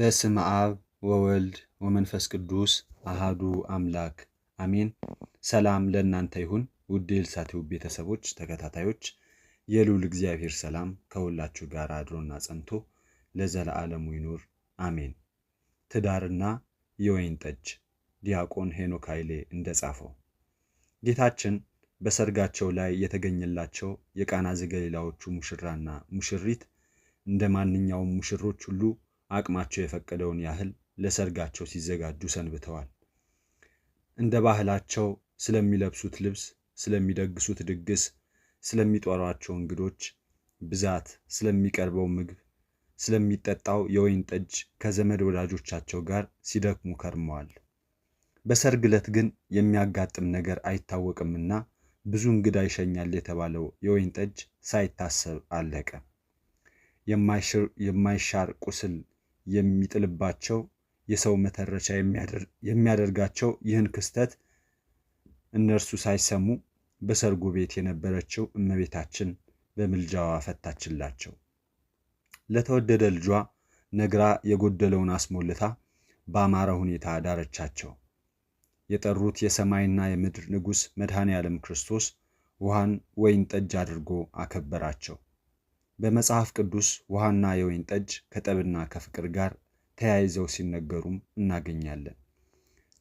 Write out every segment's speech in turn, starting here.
በስም አብ ወወልድ ወመንፈስ ቅዱስ አሃዱ አምላክ አሜን። ሰላም ለእናንተ ይሁን ውድ የልሳቴው ቤተሰቦች ተከታታዮች፣ የልዑል እግዚአብሔር ሰላም ከሁላችሁ ጋር አድሮና ጸንቶ ለዘለዓለሙ ይኑር አሜን። ትዳርና የወይን ጠጅ ዲያቆን ሄኖክ ኃይሌ እንደጻፈው ጌታችን በሰርጋቸው ላይ የተገኘላቸው የቃና ዘገሊላዎቹ ሙሽራና ሙሽሪት እንደ ማንኛውም ሙሽሮች ሁሉ አቅማቸው የፈቀደውን ያህል ለሰርጋቸው ሲዘጋጁ ሰንብተዋል። እንደ ባህላቸው ስለሚለብሱት ልብስ፣ ስለሚደግሱት ድግስ፣ ስለሚጠሯቸው እንግዶች ብዛት፣ ስለሚቀርበው ምግብ፣ ስለሚጠጣው የወይን ጠጅ ከዘመድ ወዳጆቻቸው ጋር ሲደክሙ ከርመዋል። በሰርግ ዕለት ግን የሚያጋጥም ነገር አይታወቅምና ብዙ እንግዳ ይሸኛል የተባለው የወይን ጠጅ ሳይታሰብ አለቀ። የማይሻር ቁስል የሚጥልባቸው የሰው መተረቻ የሚያደርጋቸው ይህን ክስተት እነርሱ ሳይሰሙ በሰርጉ ቤት የነበረችው እመቤታችን በምልጃዋ ፈታችላቸው። ለተወደደ ልጇ ነግራ የጎደለውን አስሞልታ በአማረ ሁኔታ ዳረቻቸው። የጠሩት የሰማይና የምድር ንጉሥ መድኃኔ ዓለም ክርስቶስ ውሃን ወይን ጠጅ አድርጎ አከበራቸው። በመጽሐፍ ቅዱስ ውሃና የወይን ጠጅ ከጠብና ከፍቅር ጋር ተያይዘው ሲነገሩም እናገኛለን።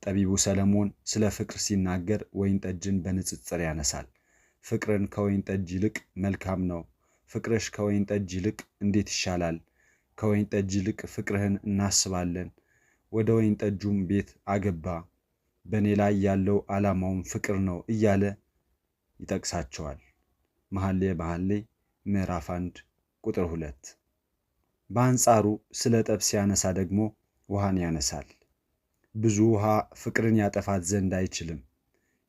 ጠቢቡ ሰለሞን ስለ ፍቅር ሲናገር ወይን ጠጅን በንጽጽር ያነሳል። ፍቅርን ከወይን ጠጅ ይልቅ መልካም ነው፣ ፍቅርሽ ከወይን ጠጅ ይልቅ እንዴት ይሻላል፣ ከወይን ጠጅ ይልቅ ፍቅርህን እናስባለን፣ ወደ ወይን ጠጁም ቤት አገባ፣ በእኔ ላይ ያለው ዓላማውም ፍቅር ነው እያለ ይጠቅሳቸዋል። መሐሌ መኃልይ ምዕራፍ 1 ቁጥር 2። በአንጻሩ ስለ ጠብ ሲያነሳ ደግሞ ውሃን ያነሳል። ብዙ ውሃ ፍቅርን ያጠፋት ዘንድ አይችልም።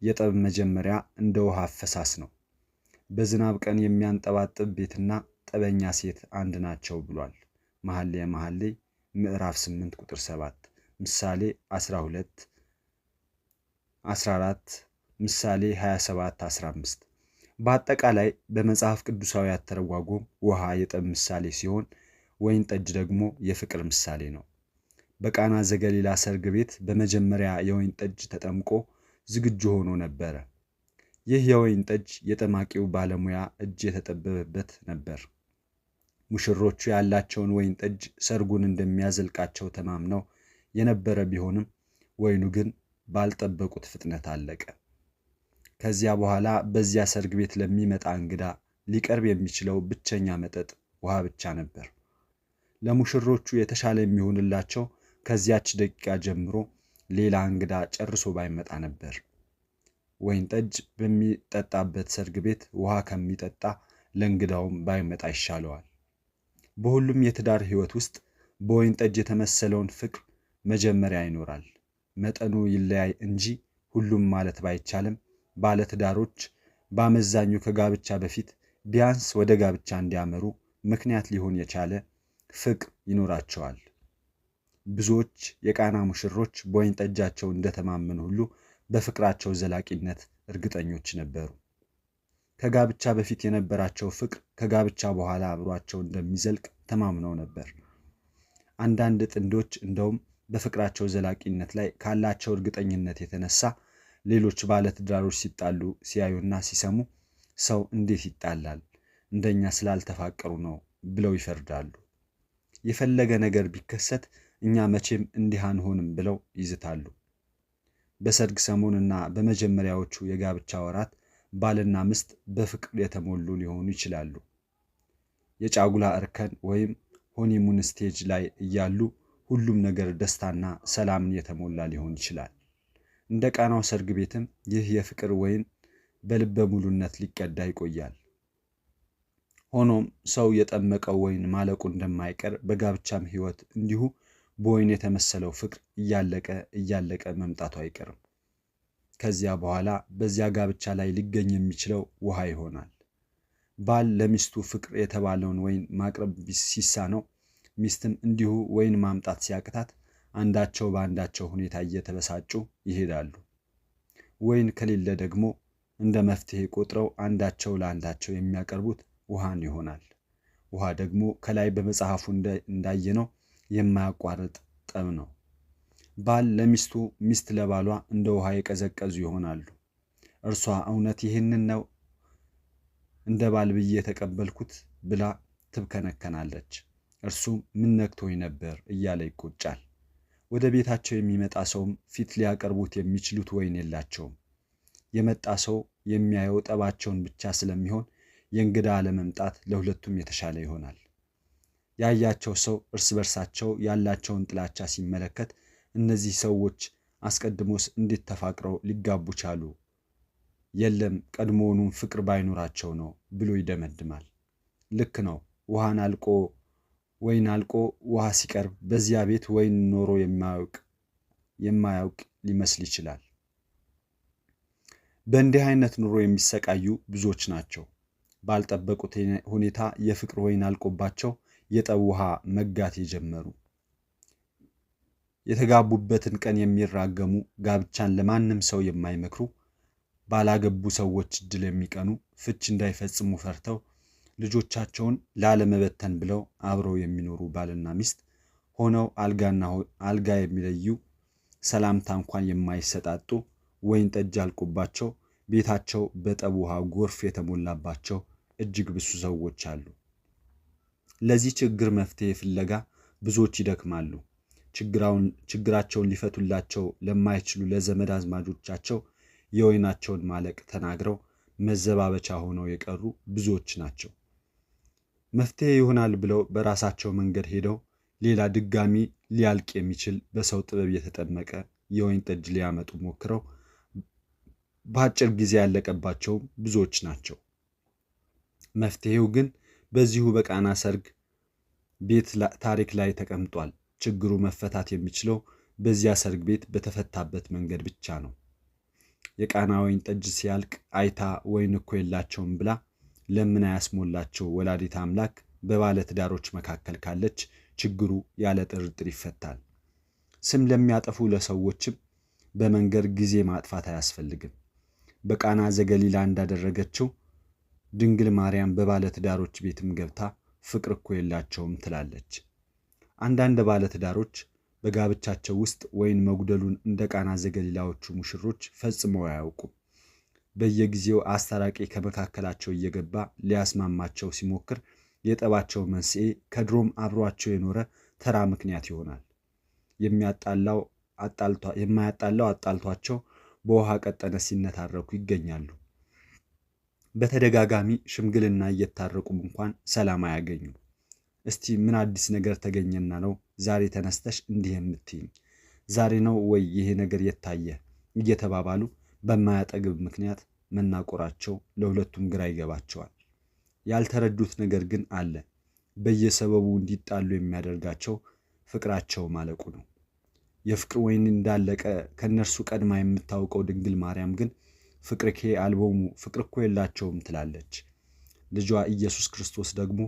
የጠብ መጀመሪያ እንደ ውሃ አፈሳስ ነው። በዝናብ ቀን የሚያንጠባጥብ ቤትና ጠበኛ ሴት አንድ ናቸው ብሏል። መሐሌ መኃልይ ምዕራፍ 8 ቁጥር 7፣ ምሳሌ 12 14፣ ምሳሌ 27 15 በአጠቃላይ በመጽሐፍ ቅዱሳዊ አተረጓጎም ውሃ የጠብ ምሳሌ ሲሆን ወይን ጠጅ ደግሞ የፍቅር ምሳሌ ነው። በቃና ዘገሊላ ሰርግ ቤት በመጀመሪያ የወይን ጠጅ ተጠምቆ ዝግጁ ሆኖ ነበረ። ይህ የወይን ጠጅ የጠማቂው ባለሙያ እጅ የተጠበበበት ነበር። ሙሽሮቹ ያላቸውን ወይን ጠጅ ሰርጉን እንደሚያዘልቃቸው ተማምነው የነበረ ቢሆንም ወይኑ ግን ባልጠበቁት ፍጥነት አለቀ። ከዚያ በኋላ በዚያ ሰርግ ቤት ለሚመጣ እንግዳ ሊቀርብ የሚችለው ብቸኛ መጠጥ ውሃ ብቻ ነበር። ለሙሽሮቹ የተሻለ የሚሆንላቸው ከዚያች ደቂቃ ጀምሮ ሌላ እንግዳ ጨርሶ ባይመጣ ነበር። ወይን ጠጅ በሚጠጣበት ሰርግ ቤት ውሃ ከሚጠጣ ለእንግዳውም ባይመጣ ይሻለዋል። በሁሉም የትዳር ሕይወት ውስጥ በወይን ጠጅ የተመሰለውን ፍቅር መጀመሪያ ይኖራል። መጠኑ ይለያይ እንጂ ሁሉም ማለት ባይቻልም ባለትዳሮች በአመዛኙ ከጋብቻ በፊት ቢያንስ ወደ ጋብቻ እንዲያመሩ ምክንያት ሊሆን የቻለ ፍቅ ይኖራቸዋል። ብዙዎች የቃና ሙሽሮች በወይን ጠጃቸው እንደተማመኑ ሁሉ በፍቅራቸው ዘላቂነት እርግጠኞች ነበሩ። ከጋብቻ በፊት የነበራቸው ፍቅር ከጋብቻ በኋላ አብሯቸው እንደሚዘልቅ ተማምነው ነበር። አንዳንድ ጥንዶች እንደውም በፍቅራቸው ዘላቂነት ላይ ካላቸው እርግጠኝነት የተነሳ ሌሎች ባለትዳሮች ሲጣሉ ሲያዩና ሲሰሙ ሰው እንዴት ይጣላል? እንደኛ ስላልተፋቀሩ ነው ብለው ይፈርዳሉ። የፈለገ ነገር ቢከሰት እኛ መቼም እንዲህ አንሆንም ብለው ይዝታሉ። በሰርግ ሰሞንና በመጀመሪያዎቹ የጋብቻ ወራት ባልና ምስት በፍቅር የተሞሉ ሊሆኑ ይችላሉ። የጫጉላ እርከን ወይም ሆኒሙን ስቴጅ ላይ እያሉ ሁሉም ነገር ደስታና ሰላምን የተሞላ ሊሆን ይችላል። እንደ ቃናው ሰርግ ቤትም ይህ የፍቅር ወይን በልበ ሙሉነት ሊቀዳ ይቆያል። ሆኖም ሰው የጠመቀው ወይን ማለቁ እንደማይቀር በጋብቻም ሕይወት እንዲሁ በወይን የተመሰለው ፍቅር እያለቀ እያለቀ መምጣቱ አይቀርም። ከዚያ በኋላ በዚያ ጋብቻ ላይ ሊገኝ የሚችለው ውሃ ይሆናል። ባል ለሚስቱ ፍቅር የተባለውን ወይን ማቅረብ ሲሳነው፣ ሚስትም እንዲሁ ወይን ማምጣት ሲያቅታት አንዳቸው በአንዳቸው ሁኔታ እየተበሳጩ ይሄዳሉ። ወይን ከሌለ ደግሞ እንደ መፍትሄ ቆጥረው አንዳቸው ለአንዳቸው የሚያቀርቡት ውሃን ይሆናል። ውሃ ደግሞ ከላይ በመጽሐፉ እንዳየነው የማያቋርጥ ጠብ ነው። ባል ለሚስቱ፣ ሚስት ለባሏ እንደ ውሃ የቀዘቀዙ ይሆናሉ። እርሷ እውነት ይህንን ነው እንደ ባል ብዬ የተቀበልኩት ብላ ትብከነከናለች። እርሱም ምን ነክቶኝ ነበር እያለ ይቆጫል። ወደ ቤታቸው የሚመጣ ሰውም ፊት ሊያቀርቡት የሚችሉት ወይን የላቸውም። የመጣ ሰው የሚያየው ጠባቸውን ብቻ ስለሚሆን የእንግዳ አለመምጣት ለሁለቱም የተሻለ ይሆናል። ያያቸው ሰው እርስ በርሳቸው ያላቸውን ጥላቻ ሲመለከት እነዚህ ሰዎች አስቀድሞስ እንዴት ተፋቅረው ሊጋቡ ቻሉ? የለም ቀድሞውኑም ፍቅር ባይኖራቸው ነው ብሎ ይደመድማል። ልክ ነው። ውሃን አልቆ ወይን አልቆ ውሃ ሲቀርብ በዚያ ቤት ወይን ኖሮ የማያውቅ ሊመስል ይችላል። በእንዲህ አይነት ኑሮ የሚሰቃዩ ብዙዎች ናቸው። ባልጠበቁት ሁኔታ የፍቅር ወይን አልቆባቸው የጠብ ውሃ መጋት የጀመሩ የተጋቡበትን ቀን የሚራገሙ ጋብቻን ለማንም ሰው የማይመክሩ ባላገቡ ሰዎች እድል የሚቀኑ ፍች እንዳይፈጽሙ ፈርተው ልጆቻቸውን ላለመበተን ብለው አብረው የሚኖሩ ባልና ሚስት ሆነው አልጋና አልጋ የሚለዩ ሰላምታ እንኳን የማይሰጣጡ ወይን ጠጅ ያልቁባቸው ቤታቸው በጠብ ውሃ ጎርፍ የተሞላባቸው እጅግ ብሱ ሰዎች አሉ። ለዚህ ችግር መፍትሄ ፍለጋ ብዙዎች ይደክማሉ። ችግራቸውን ሊፈቱላቸው ለማይችሉ ለዘመድ አዝማጆቻቸው የወይናቸውን ማለቅ ተናግረው መዘባበቻ ሆነው የቀሩ ብዙዎች ናቸው። መፍትሄ ይሆናል ብለው በራሳቸው መንገድ ሄደው ሌላ ድጋሚ ሊያልቅ የሚችል በሰው ጥበብ የተጠመቀ የወይን ጠጅ ሊያመጡ ሞክረው በአጭር ጊዜ ያለቀባቸው ብዙዎች ናቸው። መፍትሄው ግን በዚሁ በቃና ሰርግ ቤት ታሪክ ላይ ተቀምጧል። ችግሩ መፈታት የሚችለው በዚያ ሰርግ ቤት በተፈታበት መንገድ ብቻ ነው። የቃና ወይን ጠጅ ሲያልቅ አይታ ወይን እኮ የላቸውም ብላ ለምን አያስሞላቸው ወላዲት አምላክ በባለትዳሮች መካከል ካለች ችግሩ ያለ ጥርጥር ይፈታል። ስም ለሚያጠፉ ለሰዎችም በመንገድ ጊዜ ማጥፋት አያስፈልግም። በቃና ዘገሊላ እንዳደረገችው ድንግል ማርያም በባለትዳሮች ቤትም ገብታ ፍቅር እኮ የላቸውም ትላለች። አንዳንድ ባለትዳሮች በጋብቻቸው ውስጥ ወይን መጉደሉን እንደ ቃና ዘገሊላዎቹ ሙሽሮች ፈጽመው አያውቁም። በየጊዜው አስታራቂ ከመካከላቸው እየገባ ሊያስማማቸው ሲሞክር የጠባቸው መንስኤ ከድሮም አብሯቸው የኖረ ተራ ምክንያት ይሆናል። የማያጣላው አጣልቷቸው በውሃ ቀጠነ ሲነታረኩ ይገኛሉ። በተደጋጋሚ ሽምግልና እየታረቁም እንኳን ሰላም አያገኙም። እስቲ ምን አዲስ ነገር ተገኘና ነው ዛሬ ተነስተሽ እንዲህ የምትይኝ? ዛሬ ነው ወይ ይሄ ነገር የታየ? እየተባባሉ በማያጠግብ ምክንያት መናቆራቸው ለሁለቱም ግራ ይገባቸዋል። ያልተረዱት ነገር ግን አለ። በየሰበቡ እንዲጣሉ የሚያደርጋቸው ፍቅራቸው ማለቁ ነው። የፍቅር ወይን እንዳለቀ ከእነርሱ ቀድማ የምታውቀው ድንግል ማርያም ግን ፍቅርኬ አልቦሙ ፍቅር እኮ የላቸውም ትላለች። ልጇ ኢየሱስ ክርስቶስ ደግሞ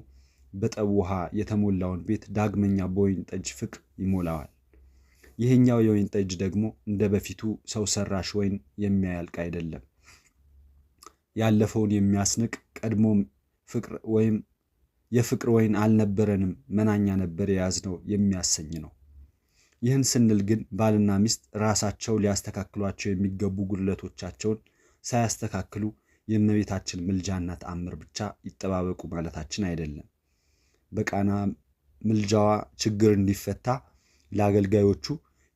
በጠብ ውሃ የተሞላውን ቤት ዳግመኛ በወይን ጠጅ ፍቅር ይሞላዋል። ይህኛው የወይን ጠጅ ደግሞ እንደ በፊቱ ሰው ሰራሽ ወይን የሚያልቅ አይደለም። ያለፈውን የሚያስንቅ ቀድሞም ፍቅር ወይም የፍቅር ወይን አልነበረንም መናኛ ነበር የያዝነው የሚያሰኝ ነው። ይህን ስንል ግን ባልና ሚስት ራሳቸው ሊያስተካክሏቸው የሚገቡ ጉድለቶቻቸውን ሳያስተካክሉ የእመቤታችን ምልጃና ተአምር ብቻ ይጠባበቁ ማለታችን አይደለም። በቃና ምልጃዋ ችግር እንዲፈታ ለአገልጋዮቹ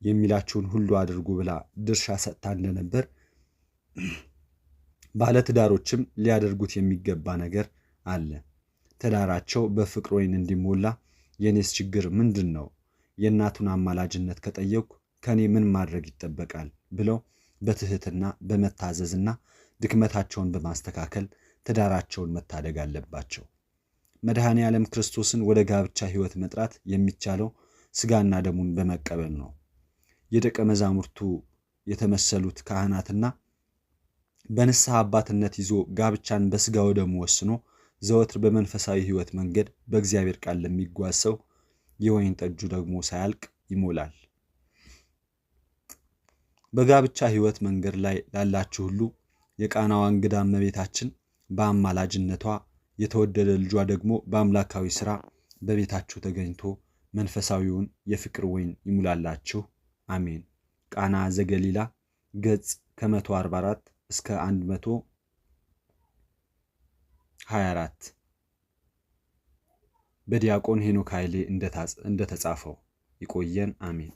የሚላቸውን ሁሉ አድርጉ ብላ ድርሻ ሰጥታ እንደነበር ባለትዳሮችም ሊያደርጉት የሚገባ ነገር አለ። ትዳራቸው በፍቅር ወይን እንዲሞላ የእኔስ ችግር ምንድን ነው? የእናቱን አማላጅነት ከጠየቅኩ ከእኔ ምን ማድረግ ይጠበቃል? ብለው በትህትና በመታዘዝና ድክመታቸውን በማስተካከል ትዳራቸውን መታደግ አለባቸው። መድኃኔ ዓለም ክርስቶስን ወደ ጋብቻ ሕይወት መጥራት የሚቻለው ሥጋና ደሙን በመቀበል ነው። የደቀ መዛሙርቱ የተመሰሉት ካህናትና በንስሐ አባትነት ይዞ ጋብቻን በሥጋ ወደሙ ወስኖ ዘወትር በመንፈሳዊ ሕይወት መንገድ በእግዚአብሔር ቃል ለሚጓዝ ሰው የወይን ጠጁ ደግሞ ሳያልቅ ይሞላል። በጋብቻ ሕይወት መንገድ ላይ ላላችሁ ሁሉ የቃናዋ እንግዳ እመቤታችን በአማላጅነቷ የተወደደ ልጇ ደግሞ በአምላካዊ ሥራ በቤታችሁ ተገኝቶ መንፈሳዊውን የፍቅር ወይን ይሙላላችሁ። አሜን። ቃና ዘገሊላ ገጽ ከ144 እስከ 124 በዲያቆን ሄኖክ ኃይሌ እንደተጻፈው። ይቆየን። አሜን።